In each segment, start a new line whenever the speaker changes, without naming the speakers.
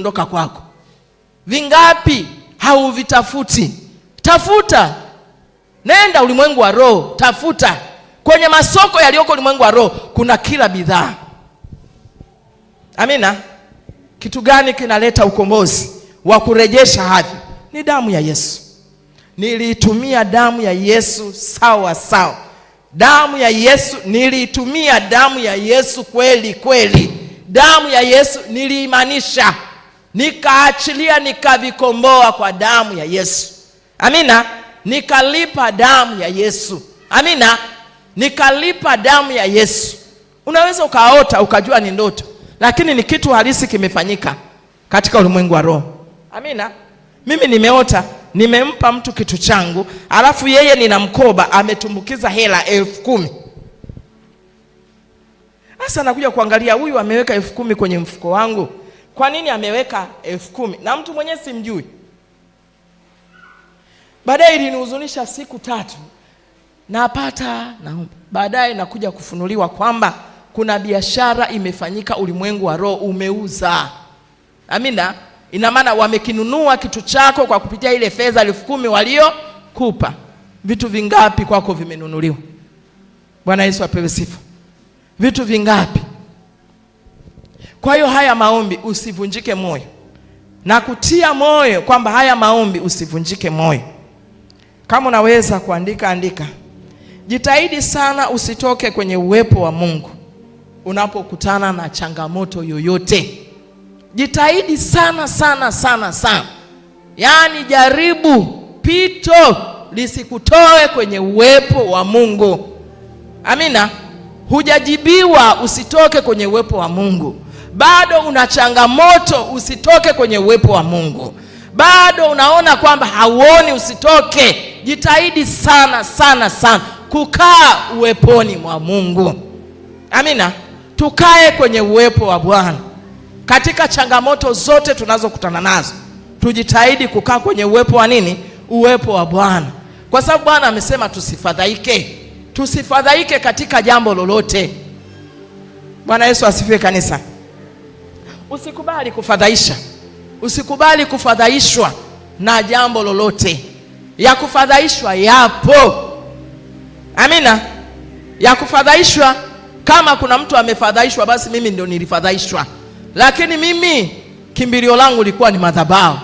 vimeondoka kwako. Vingapi hauvitafuti? Tafuta, nenda ulimwengu wa roho, tafuta kwenye masoko yaliyoko ulimwengu wa roho, kuna kila bidhaa. Amina. Kitu gani kinaleta ukombozi wa kurejesha hadhi? Ni damu ya Yesu. Niliitumia damu ya Yesu sawa sawa, damu ya Yesu niliitumia, damu ya Yesu kweli kweli, damu ya Yesu niliimanisha nikaachilia nikavikomboa kwa damu ya Yesu. Amina, nikalipa damu ya Yesu. Amina, nikalipa damu ya Yesu. Unaweza ukaota ukajua ni ndoto, lakini ni kitu halisi kimefanyika katika ulimwengu wa roho. Amina, mimi nimeota nimempa mtu kitu changu, alafu yeye nina mkoba ametumbukiza hela elfu kumi. Sasa nakuja kuangalia huyu ameweka elfu kumi kwenye mfuko wangu kwa nini ameweka elfu kumi na mtu mwenyewe simjui? Baadaye ilinihuzunisha siku tatu, napata naomba, baadaye nakuja kufunuliwa kwamba kuna biashara imefanyika, ulimwengu wa roho umeuza. Amina, ina maana wamekinunua kitu chako kwa kupitia ile fedha elfu kumi waliokupa. Vitu vingapi kwako vimenunuliwa? Bwana Yesu apewe sifa. Vitu vingapi kwa hiyo haya maombi usivunjike moyo, na kutia moyo kwamba haya maombi usivunjike moyo. Kama unaweza kuandika, andika. Jitahidi sana usitoke kwenye uwepo wa Mungu unapokutana na changamoto yoyote. Jitahidi sana sana sana sana, yaani jaribu pito lisikutoe kwenye uwepo wa Mungu. Amina. Hujajibiwa, usitoke kwenye uwepo wa Mungu bado una changamoto, usitoke kwenye uwepo wa Mungu. Bado unaona kwamba hauoni, usitoke. Jitahidi sana sana sana kukaa uweponi mwa Mungu. Amina, tukae kwenye uwepo wa Bwana katika changamoto zote tunazokutana nazo, tujitahidi kukaa kwenye uwepo wa nini? Uwepo wa Bwana, kwa sababu Bwana amesema tusifadhaike, tusifadhaike katika jambo lolote. Bwana Yesu asifiwe kanisa. Usikubali kufadhaisha, usikubali kufadhaishwa na jambo lolote. Ya kufadhaishwa yapo, amina. Ya kufadhaishwa, kama kuna mtu amefadhaishwa, basi mimi ndio nilifadhaishwa, lakini mimi kimbilio langu lilikuwa ni madhabahu.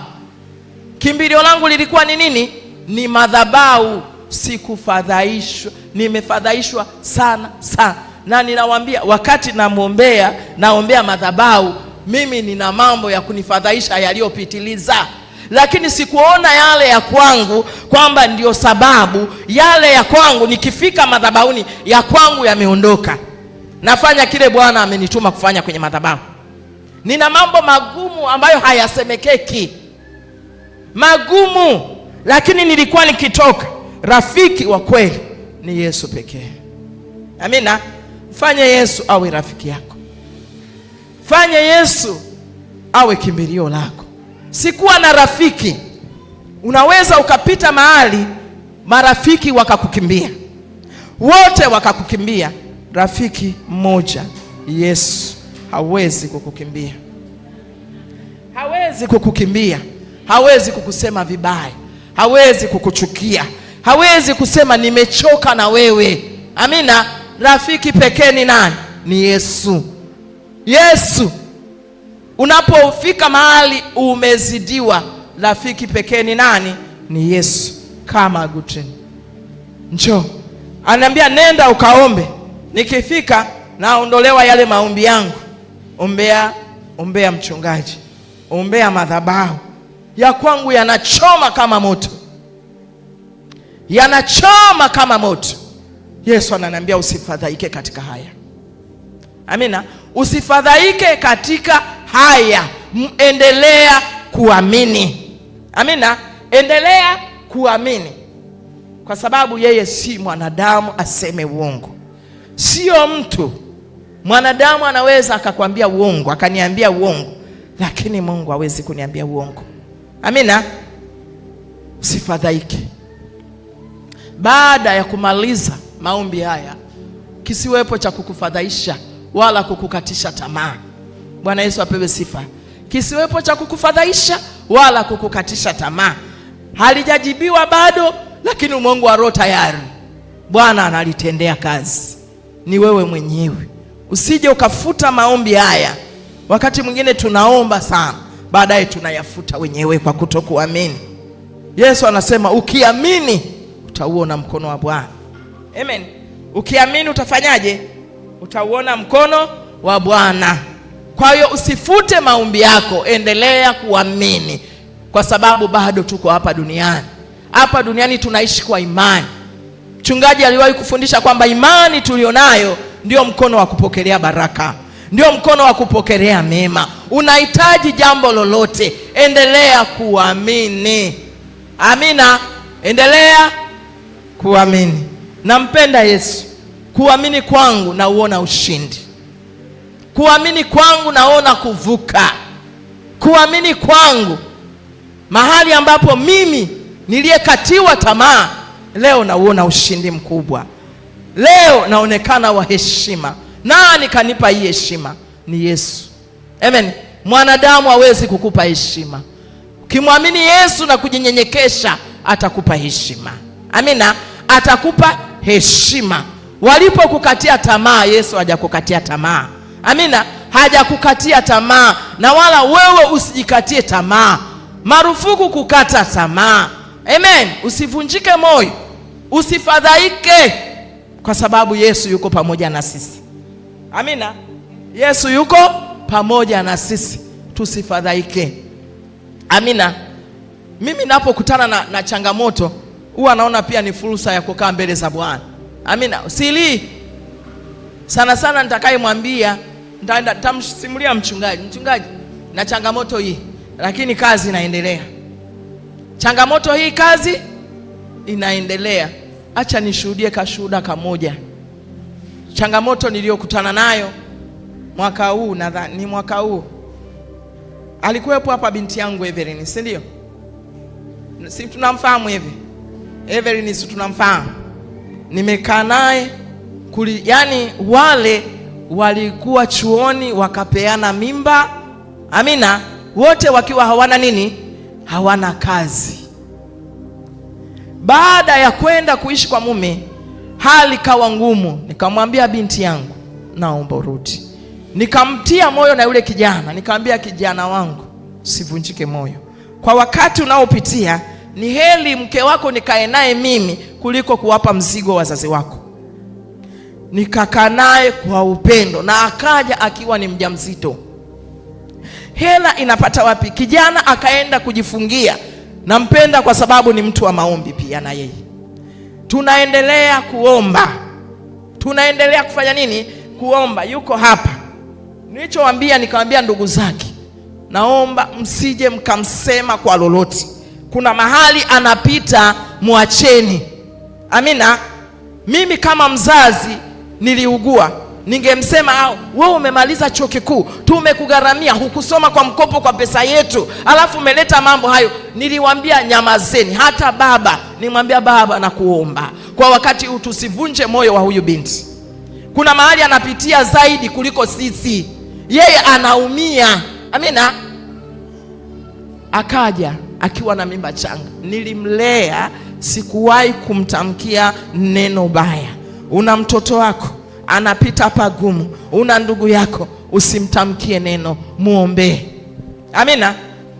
Kimbilio langu lilikuwa ni nini? Ni madhabahu. Sikufadhaishwa, nimefadhaishwa sana sana, na ninawaambia wakati namwombea, naombea madhabahu mimi nina mambo ya kunifadhaisha yaliyopitiliza, lakini sikuona yale ya kwangu kwamba ndiyo sababu yale ya kwangu nikifika madhabahuni ya kwangu yameondoka. Nafanya kile Bwana amenituma kufanya kwenye madhabahu. Nina mambo magumu ambayo hayasemekeki, magumu, lakini nilikuwa nikitoka, rafiki wa kweli ni Yesu pekee. Amina, mfanye Yesu awe rafiki yako. Fanya Yesu awe kimbilio lako, sikuwa na rafiki. Unaweza ukapita mahali marafiki wakakukimbia wote, wakakukimbia. Rafiki mmoja Yesu hawezi kukukimbia, hawezi kukukimbia, hawezi kukusema vibaya, hawezi kukuchukia, hawezi kusema nimechoka na wewe. Amina. Rafiki pekee ni nani? Ni Yesu. Yesu, unapofika mahali umezidiwa, rafiki pekee ni nani? Ni Yesu. Kama Agustino, njo ananiambia nenda ukaombe. Nikifika naondolewa yale maombi yangu, ombea ombea mchungaji, ombea madhabahu ya kwangu, yanachoma kama moto, yanachoma kama moto. Yesu ananiambia usifadhaike katika haya. Amina usifadhaike katika haya, endelea kuamini. Amina, endelea kuamini, kwa sababu yeye si mwanadamu aseme uongo, sio mtu mwanadamu anaweza akakwambia uongo, akaniambia uongo, lakini Mungu hawezi kuniambia uongo. Amina, usifadhaike. Baada ya kumaliza maombi haya, kisiwepo cha kukufadhaisha wala kukukatisha tamaa. Bwana Yesu apewe sifa. Kisiwepo cha kukufadhaisha wala kukukatisha tamaa. Halijajibiwa bado, lakini Mungu wa roho tayari, Bwana analitendea kazi. Ni wewe mwenyewe, usije ukafuta maombi haya. Wakati mwingine tunaomba sana, baadaye tunayafuta wenyewe kwa kutokuamini. Yesu anasema ukiamini utauona mkono wa Bwana. Amen. Ukiamini utafanyaje? utauona mkono wa Bwana. Kwa hiyo usifute maombi yako, endelea kuamini, kwa sababu bado tuko hapa duniani. Hapa duniani tunaishi kwa imani. Mchungaji aliwahi kufundisha kwamba imani tulionayo ndio mkono wa kupokelea baraka, ndio mkono wa kupokelea mema. Unahitaji jambo lolote, endelea kuamini. Amina, endelea kuamini. Nampenda Yesu kuamini kwangu nauona ushindi, kuamini kwangu naona kuvuka, kuamini kwangu mahali ambapo mimi niliyekatiwa tamaa, leo nauona ushindi mkubwa, leo naonekana wa heshima. Nani kanipa hii heshima? Ni Yesu. Amen. Mwanadamu hawezi kukupa heshima, ukimwamini Yesu na kujinyenyekesha, atakupa heshima. Amina, atakupa heshima. Walipokukatia tamaa, Yesu hajakukatia tamaa. Amina, hajakukatia tamaa, na wala wewe usijikatie tamaa. Marufuku kukata tamaa. Amen, usivunjike moyo, usifadhaike, kwa sababu Yesu yuko pamoja na sisi. Amina, Yesu yuko pamoja na sisi, tusifadhaike. Amina. Mimi napokutana na, na changamoto huwa naona pia ni fursa ya kukaa mbele za Bwana amina. Sili sana sana nitakayemwambia ntamsimulia mchungaji, mchungaji na changamoto hii, lakini kazi inaendelea, changamoto hii, kazi inaendelea. Acha nishuhudie kashuhuda kamoja, changamoto niliyokutana nayo mwaka huu, nadhani ni mwaka huu alikuwepo hapa binti yangu Evelyn, si Si tunamfahamu hivi Evelyn, si tunamfahamu nimekaa naye kuli, yani wale walikuwa chuoni wakapeana mimba, amina, wote wakiwa hawana nini? Hawana kazi. Baada ya kwenda kuishi kwa mume, hali kawa ngumu. Nikamwambia binti yangu, naomba urudi. Nikamtia moyo na yule kijana, nikamwambia kijana wangu, sivunjike moyo kwa wakati unaopitia ni heri mke wako nikae naye mimi kuliko kuwapa mzigo wazazi wako. Nikakaa naye kwa upendo na akaja akiwa ni mjamzito. Hela inapata wapi? Kijana akaenda kujifungia. Nampenda kwa sababu ni mtu wa maombi pia na yeye. Tunaendelea kuomba, tunaendelea kufanya nini? Kuomba. Yuko hapa, nilichowaambia, nikawambia ndugu zake, naomba msije mkamsema kwa lolote kuna mahali anapita, mwacheni. Amina. Mimi kama mzazi niliugua, ningemsema wewe, umemaliza chuo kikuu, tumekugharamia, hukusoma kwa mkopo kwa pesa yetu, alafu umeleta mambo hayo. Niliwambia nyamazeni. Hata baba nimwambia, baba nakuomba kwa wakati huu tusivunje moyo wa huyu binti, kuna mahali anapitia zaidi kuliko sisi, yeye anaumia. Amina. Akaja akiwa na mimba changa, nilimlea, sikuwahi kumtamkia neno baya. Una mtoto wako anapita pagumu, una ndugu yako, usimtamkie neno, mwombee. Amina.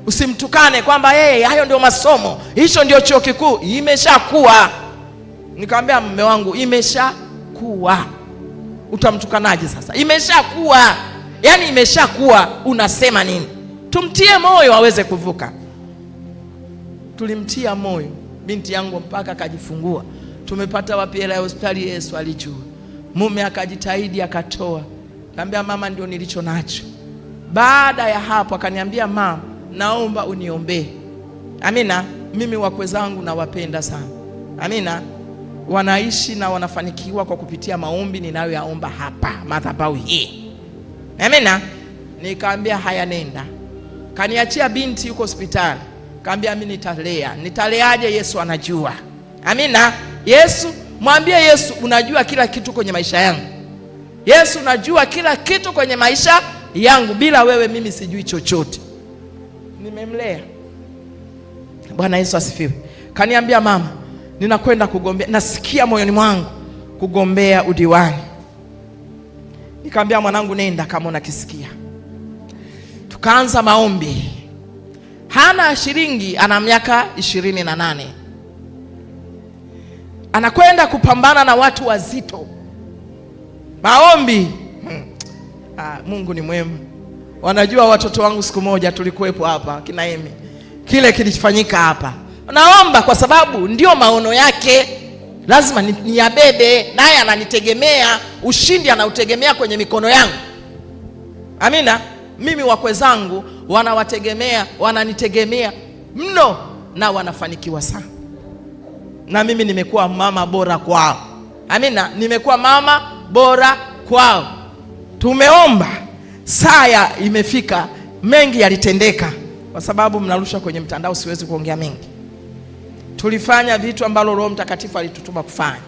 Usimtukane kwamba yeye, hayo ndio masomo, hicho ndio chuo kikuu. Imeshakuwa. Nikamwambia mume wangu, imeshakuwa. Utamtukanaje sasa? Imeshakuwa, yaani imeshakuwa. Unasema nini? Tumtie moyo aweze kuvuka tulimtia moyo binti yangu mpaka akajifungua. Tumepata wapi hela ya hospitali? Yesu alijua. Mume akajitahidi akatoa, kaambia mama, ndio nilicho nacho. Baada ya hapo akaniambia mama, naomba uniombee. Amina. Mimi wakwe zangu nawapenda sana, amina. Wanaishi na wanafanikiwa kwa kupitia maombi ninayoyaomba hapa madhabahu hii, amina. Nikaambia haya, nenda. Kaniachia binti yuko hospitali Kaambia mi nitalea. Nitaleaje? Yesu anajua. Amina. Yesu, mwambie Yesu, unajua kila kitu kwenye maisha yangu. Yesu, unajua kila kitu kwenye maisha yangu, bila wewe mimi sijui chochote. Nimemlea. Bwana Yesu asifiwe. Kaniambia mama, ninakwenda kugombea, nasikia moyoni mwangu kugombea udiwani. Nikaambia mwanangu, nenda kama unakisikia. Tukaanza maombi hana shilingi, ana miaka ishirini na nane anakwenda kupambana na watu wazito. Maombi hmm. Ah, Mungu ni mwema. Wanajua watoto wangu, siku moja tulikuwepo hapa Kinaemi, kile kilifanyika hapa. Naomba kwa sababu ndio maono yake, lazima niyabebe, naye ananitegemea. Ushindi anautegemea kwenye mikono yangu. Amina. Mimi wakwe zangu wanawategemea, wananitegemea mno na wanafanikiwa sana, na mimi nimekuwa mama bora kwao. Amina, nimekuwa mama bora kwao. Tumeomba, saya imefika, mengi yalitendeka. Kwa sababu mnarusha kwenye mtandao, siwezi kuongea mengi. Tulifanya vitu ambalo Roho Mtakatifu alitutuma kufanya.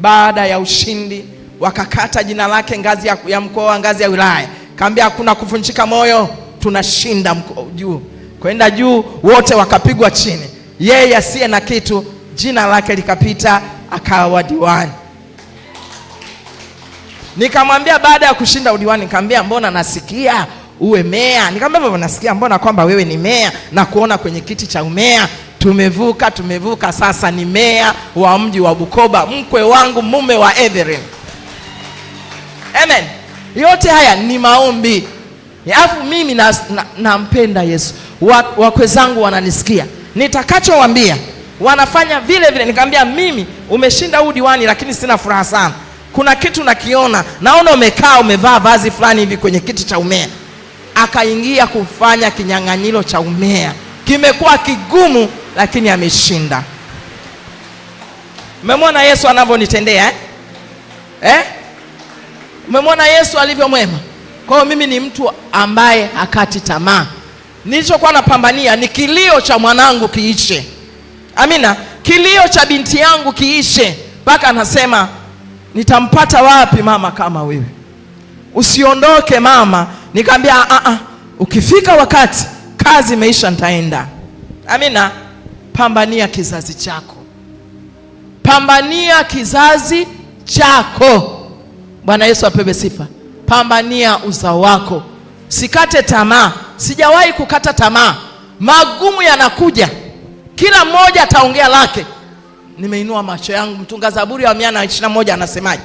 Baada ya ushindi, wakakata jina lake ngazi ya, ya mkoa, ngazi ya wilaya, kaambia hakuna kuvunjika moyo tunashinda juu, kwenda juu, wote wakapigwa chini, yeye asiye na kitu jina lake likapita, akawa diwani. Nikamwambia baada ya kushinda udiwani, nikamwambia mbona nasikia uwe meya. Nikamwambia nasikia mbona kwamba wewe ni meya na kuona kwenye kiti cha umeya tumevuka tumevuka, sasa ni meya wa mji wa Bukoba, mkwe wangu, mume wa everin Amen. Yote haya ni maombi. Alafu mimi nampenda na, na Yesu, wakwe zangu wananisikia, nitakachowambia wanafanya vile vile. Nikamwambia mimi, umeshinda huu diwani, lakini sina furaha sana. Kuna kitu nakiona, naona umekaa umevaa vazi fulani hivi kwenye kiti cha umea. Akaingia kufanya kinyang'anyiro cha umea, kimekuwa kigumu, lakini ameshinda. Mmemwona Yesu anavyonitendea eh? Eh? Mmemwona Yesu alivyo mwema. Kwa hiyo mimi ni mtu ambaye hakati tamaa. Nilichokuwa napambania ni kilio cha mwanangu kiishe, amina, kilio cha binti yangu kiishe, mpaka anasema nitampata wapi mama kama wewe, usiondoke mama. Nikamwambia a ah, a, ah, ah. ukifika wakati kazi imeisha, nitaenda. Amina, pambania kizazi chako, pambania kizazi chako. Bwana Yesu apewe sifa pambania uzao wako. Sikate tamaa, sijawahi kukata tamaa. Magumu yanakuja, kila mmoja ataongea lake. Nimeinua macho yangu, mtunga Zaburi wa mia na ishirini na moja anasemaje?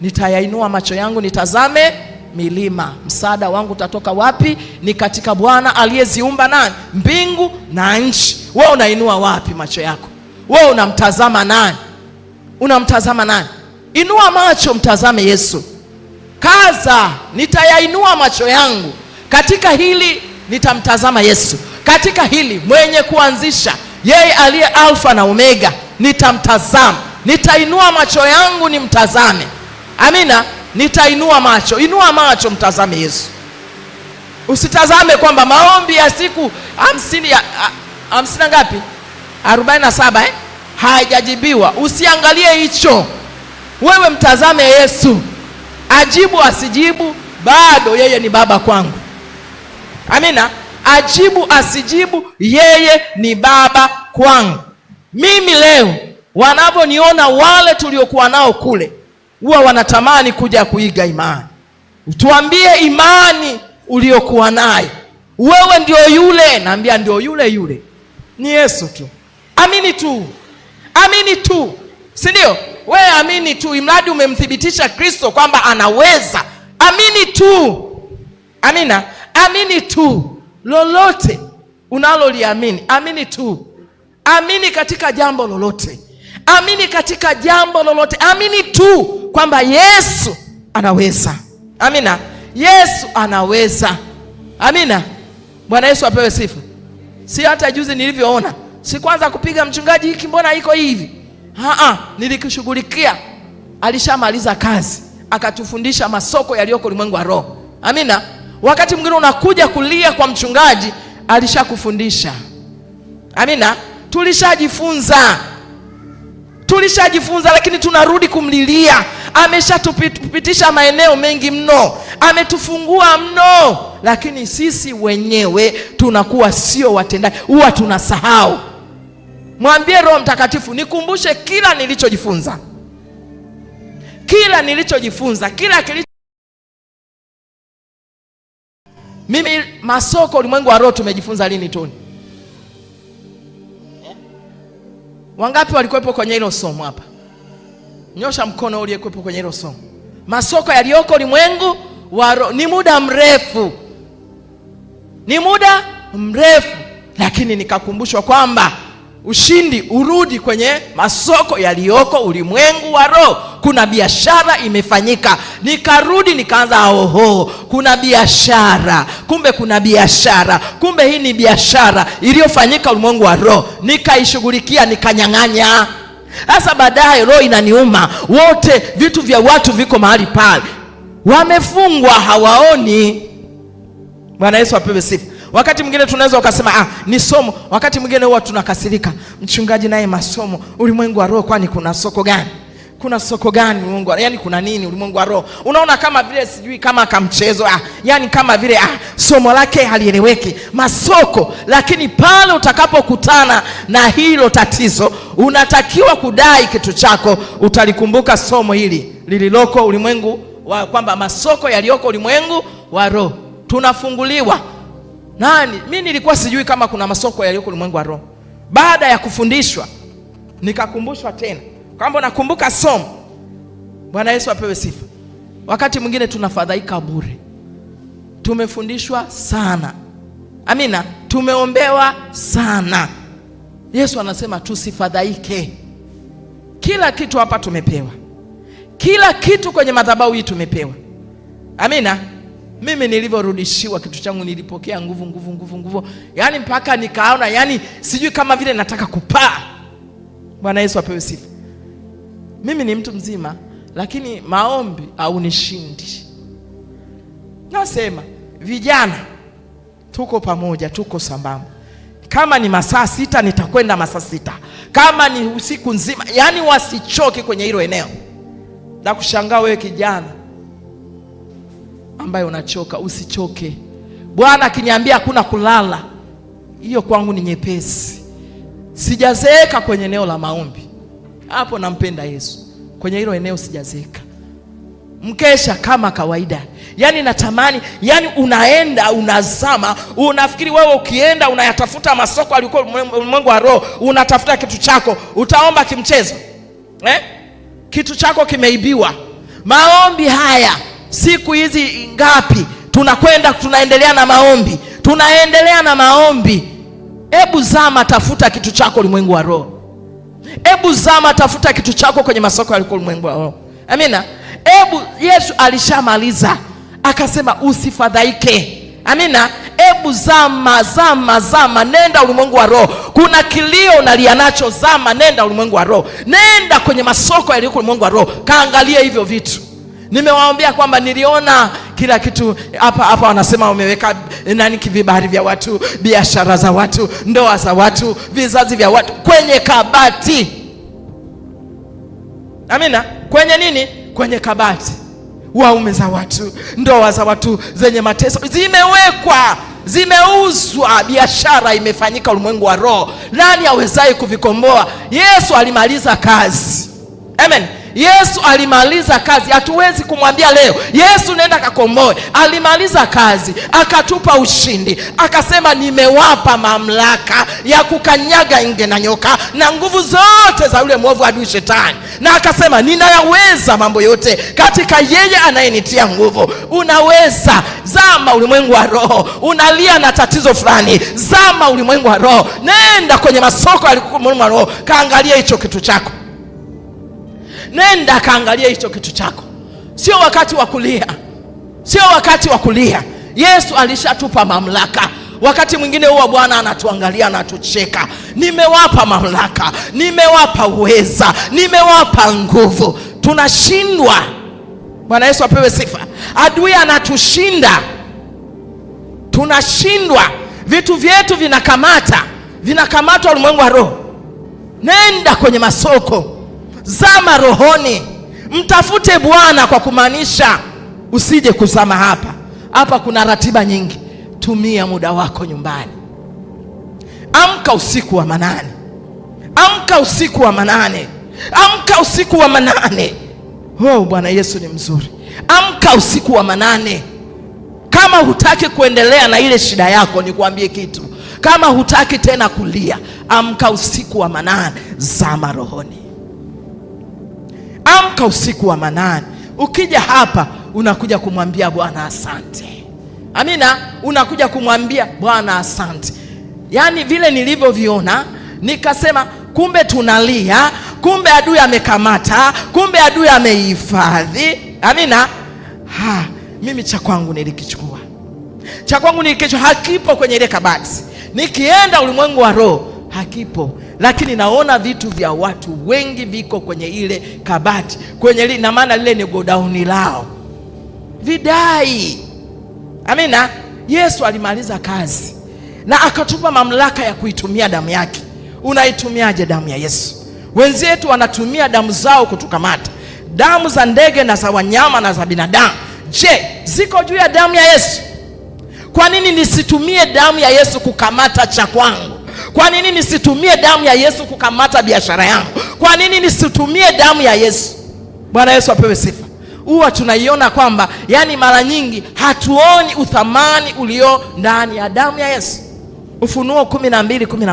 Nitayainua macho yangu nitazame milima, msaada wangu utatoka wapi? Ni katika Bwana aliyeziumba nani, mbingu na nchi. Wewe unainua wapi macho yako? Wewe unamtazama nani? Unamtazama nani? Inua macho, mtazame Yesu. Kaza, nitayainua macho yangu katika hili, nitamtazama Yesu katika hili, mwenye kuanzisha, yeye aliye Alfa na Omega, nitamtazama. Nitainua macho yangu nimtazame. Amina, nitainua macho. Inua macho, mtazame Yesu. Usitazame kwamba maombi ya siku hamsini ya hamsini na ngapi, arobaini na saba eh, hayajajibiwa. Usiangalie hicho, wewe mtazame Yesu ajibu asijibu, bado yeye ni baba kwangu. Amina, ajibu asijibu, yeye ni baba kwangu. Mimi leo wanavyoniona wale tuliokuwa nao kule, huwa wanatamani kuja kuiga imani. Tuambie imani uliokuwa nayo wewe, ndio yule? Naambia ndio yule yule, ni Yesu tu. Amini tu, amini tu, si ndio? we amini tu, imradi umemthibitisha Kristo kwamba anaweza. Amini tu, amina, amini tu, lolote unaloliamini amini tu, amini katika jambo lolote, amini katika jambo lolote, amini tu kwamba Yesu anaweza. Amina, Yesu anaweza. Amina, Bwana Yesu apewe sifa. Si hata juzi nilivyoona, si kwanza kupiga mchungaji, hiki mbona iko hivi Haa, nilikushughulikia. Alishamaliza kazi, akatufundisha masoko yaliyoko ulimwengu wa roho. Amina. Wakati mwingine unakuja kulia kwa mchungaji, alishakufundisha. Amina, tulishajifunza, tulishajifunza, lakini tunarudi kumlilia. Ameshatupitisha maeneo mengi mno, ametufungua mno, lakini sisi wenyewe tunakuwa sio watendaji, huwa tunasahau. Mwambie Roho Mtakatifu, nikumbushe kila nilichojifunza, kila nilichojifunza, kila kilicho mimi. Masoko, ulimwengu wa roho, tumejifunza lini? Toni, wangapi walikuwepo kwenye hilo somo hapa? Nyosha mkono uliyekuwepo kwenye hilo somo. Masoko yaliyoko ulimwengu wa roho ni muda mrefu, ni muda mrefu, lakini nikakumbushwa kwamba ushindi urudi kwenye masoko yaliyoko ulimwengu wa roho. Kuna biashara imefanyika, nikarudi nikaanza oho, kuna biashara kumbe, kuna biashara kumbe, hii ni biashara iliyofanyika ulimwengu wa roho, nikaishughulikia, nikanyang'anya. Sasa baadaye roho inaniuma, wote vitu vya watu viko mahali pale, wamefungwa, hawaoni. Bwana Yesu apewe sifa. Wakati mwingine tunaweza ukasema ah, ni somo. Wakati mwingine huwa tunakasirika, mchungaji naye masomo, ulimwengu wa roho, kwani kuna soko gani? Kuna soko gani ulimwengu Yani kuna nini ulimwengu wa roho? Unaona kama vile sijui kama kamchezo ah, yani kama vile ah, somo lake halieleweki, masoko. Lakini pale utakapokutana na hilo tatizo, unatakiwa kudai kitu chako, utalikumbuka somo hili lililoko ulimwengu wa kwamba masoko yaliyoko ulimwengu wa roho tunafunguliwa nani? Mi nilikuwa sijui kama kuna masoko yaliyoko ulimwengu wa roho. Baada ya kufundishwa nikakumbushwa tena kwamba nakumbuka somo. Bwana Yesu apewe sifa. Wakati mwingine tunafadhaika bure, tumefundishwa sana, amina, tumeombewa sana. Yesu anasema tusifadhaike. Kila kitu hapa tumepewa, kila kitu kwenye madhabahu hii tumepewa, amina. Mimi nilivyorudishiwa kitu changu nilipokea nguvu nguvu nguvu nguvu, yaani mpaka nikaona, yaani sijui kama vile nataka kupaa. Bwana Yesu apewe sifa. Mimi ni mtu mzima, lakini maombi au nishindi. Nasema vijana, tuko pamoja, tuko sambamba. Kama ni masaa sita nitakwenda masaa sita, kama ni usiku nzima, yaani wasichoke kwenye hilo eneo. Na kushangaa wewe kijana ambaye unachoka, usichoke. Bwana akiniambia hakuna kulala, hiyo kwangu ni nyepesi. Sijazeeka kwenye eneo la maombi, hapo nampenda Yesu. Kwenye hilo eneo sijazeeka, mkesha kama kawaida. Yani natamani, yani unaenda unazama, unafikiri wewe ukienda unayatafuta masoko alikuwa ulimwengu wa roho, unatafuta kitu chako, utaomba kimchezo eh? Kitu chako kimeibiwa. Maombi haya siku hizi ngapi tunakwenda tunaendelea na maombi, tunaendelea na maombi. Hebu zama, tafuta kitu chako ulimwengu wa roho. Hebu zama, tafuta kitu chako kwenye masoko ya ulimwengu wa roho. Amina. Hebu Yesu alishamaliza akasema usifadhaike. Amina. Hebu zama, zama, zama, nenda ulimwengu wa roho. Kuna kilio unalia nacho, zama, nenda ulimwengu wa roho, nenda kwenye masoko yaliyoko ulimwengu wa roho, kaangalia hivyo vitu Nimewaambia kwamba niliona kila kitu hapa hapa. Wanasema wameweka eh, nani, vibari vya watu, biashara za watu, ndoa za watu, vizazi vya watu kwenye kabati. Amina, kwenye nini? Kwenye kabati. Waume za watu, ndoa za watu zenye mateso zimewekwa, zimeuzwa, biashara imefanyika ulimwengu wa roho. Nani awezaye kuvikomboa? Yesu alimaliza kazi. Amen. Yesu alimaliza kazi, hatuwezi kumwambia leo Yesu nenda kakomboe. Alimaliza kazi, akatupa ushindi, akasema nimewapa mamlaka ya kukanyaga nge na nyoka na nguvu zote za yule mwovu adui Shetani, na akasema ninayaweza mambo yote katika yeye anayenitia nguvu. Unaweza zama ulimwengu wa roho, unalia na tatizo fulani, zama ulimwengu wa roho, nenda kwenye masoko ya roho, kaangalia hicho kitu chako nenda kaangalia hicho kitu chako. Sio wakati wa kulia, sio wakati wa kulia. Yesu alishatupa mamlaka. Wakati mwingine huwa Bwana anatuangalia anatucheka, nimewapa mamlaka, nimewapa uweza, nimewapa nguvu, tunashindwa. Bwana Yesu apewe sifa. Adui anatushinda, tunashindwa, vitu vyetu vinakamata, vinakamatwa ulimwengu wa roho. Nenda kwenye masoko zama rohoni, mtafute Bwana kwa kumaanisha, usije kuzama hapa hapa. Kuna ratiba nyingi, tumia muda wako nyumbani. Amka usiku wa manane, amka usiku wa manane, amka usiku wa manane. Oh, Bwana Yesu ni mzuri. Amka usiku wa manane. Kama hutaki kuendelea na ile shida yako, nikuambie kitu, kama hutaki tena kulia, amka usiku wa manane, zama rohoni mpaka usiku wa manane. Ukija hapa unakuja kumwambia Bwana asante. Amina, unakuja kumwambia Bwana asante. Yaani vile nilivyoviona nikasema, kumbe tunalia, kumbe adui amekamata, kumbe adui amehifadhi. Amina. Ha, mimi cha kwangu nilikichukua, cha kwangu nilikichukua, hakipo kwenye ile kabati. Nikienda ulimwengu wa roho hakipo lakini naona vitu vya watu wengi viko kwenye ile kabati kwenye li, na maana lile ni godauni lao vidai. Amina. Yesu alimaliza kazi na akatupa mamlaka ya kuitumia damu yake. Unaitumiaje damu ya Yesu? Wenzetu wanatumia damu zao kutukamata, damu za ndege na za wanyama na za binadamu. Je, ziko juu ya damu ya Yesu? Kwa nini nisitumie damu ya Yesu kukamata cha kwangu? Kwa nini nisitumie damu ya Yesu kukamata biashara yangu? Kwa nini nisitumie damu ya Yesu? Bwana Yesu apewe sifa. Huwa tunaiona kwamba yani, mara nyingi hatuoni uthamani ulio ndani ya damu ya Yesu. Ufunuo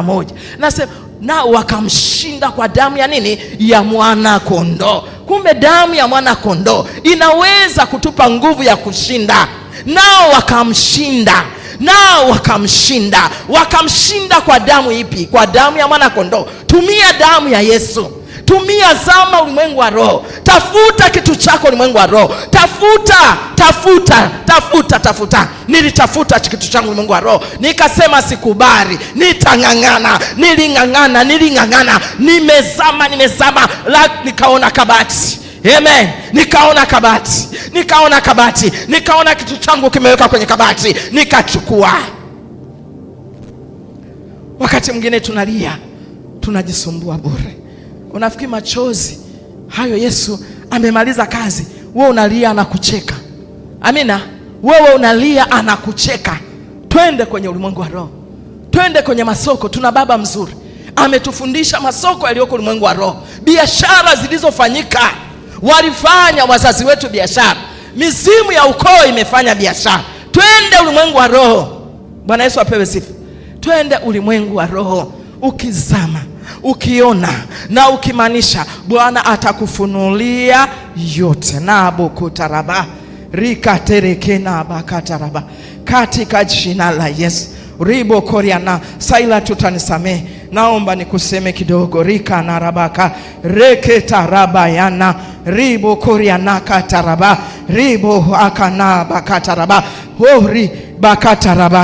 moja nasema na wakamshinda kwa damu ya nini? Ya mwana kondoo. Kumbe damu ya mwana kondoo inaweza kutupa nguvu ya kushinda. Nao wakamshinda nao wakamshinda. Wakamshinda kwa damu ipi? Kwa damu ya mwana kondoo. Tumia damu ya Yesu. Tumia zama ulimwengu wa roho, tafuta kitu chako ulimwengu wa roho, tafuta tafuta tafuta tafuta. Nilitafuta kitu changu ulimwengu wa roho, nikasema sikubali, nitang'ang'ana. Niling'ang'ana, niling'ang'ana, nimezama, nimezama la nikaona kabati Amen. Nikaona kabati, nikaona kabati, nikaona kitu changu kimeweka kwenye kabati, nikachukua. Wakati mwingine tunalia, tunajisumbua bure. Unafikiri machozi hayo Yesu amemaliza kazi, wewe unalia anakucheka. Amina, wewe unalia anakucheka. Twende kwenye ulimwengu wa roho, twende kwenye masoko. Tuna baba mzuri ametufundisha masoko yaliyoko ulimwengu wa roho, biashara zilizofanyika walifanya wazazi wetu biashara, mizimu ya ukoo imefanya biashara. Twende ulimwengu wa roho. Bwana Yesu apewe sifa. Twende ulimwengu wa roho, ukizama ukiona na ukimaanisha, Bwana atakufunulia yote. nabokotaraba bakataraba katika jina la Yesu ribo na Silat, utanisamehe naomba nikuseme kidogo rika na rabaka reke yana ribo na kataraba ribo bakataraba hori bakataraba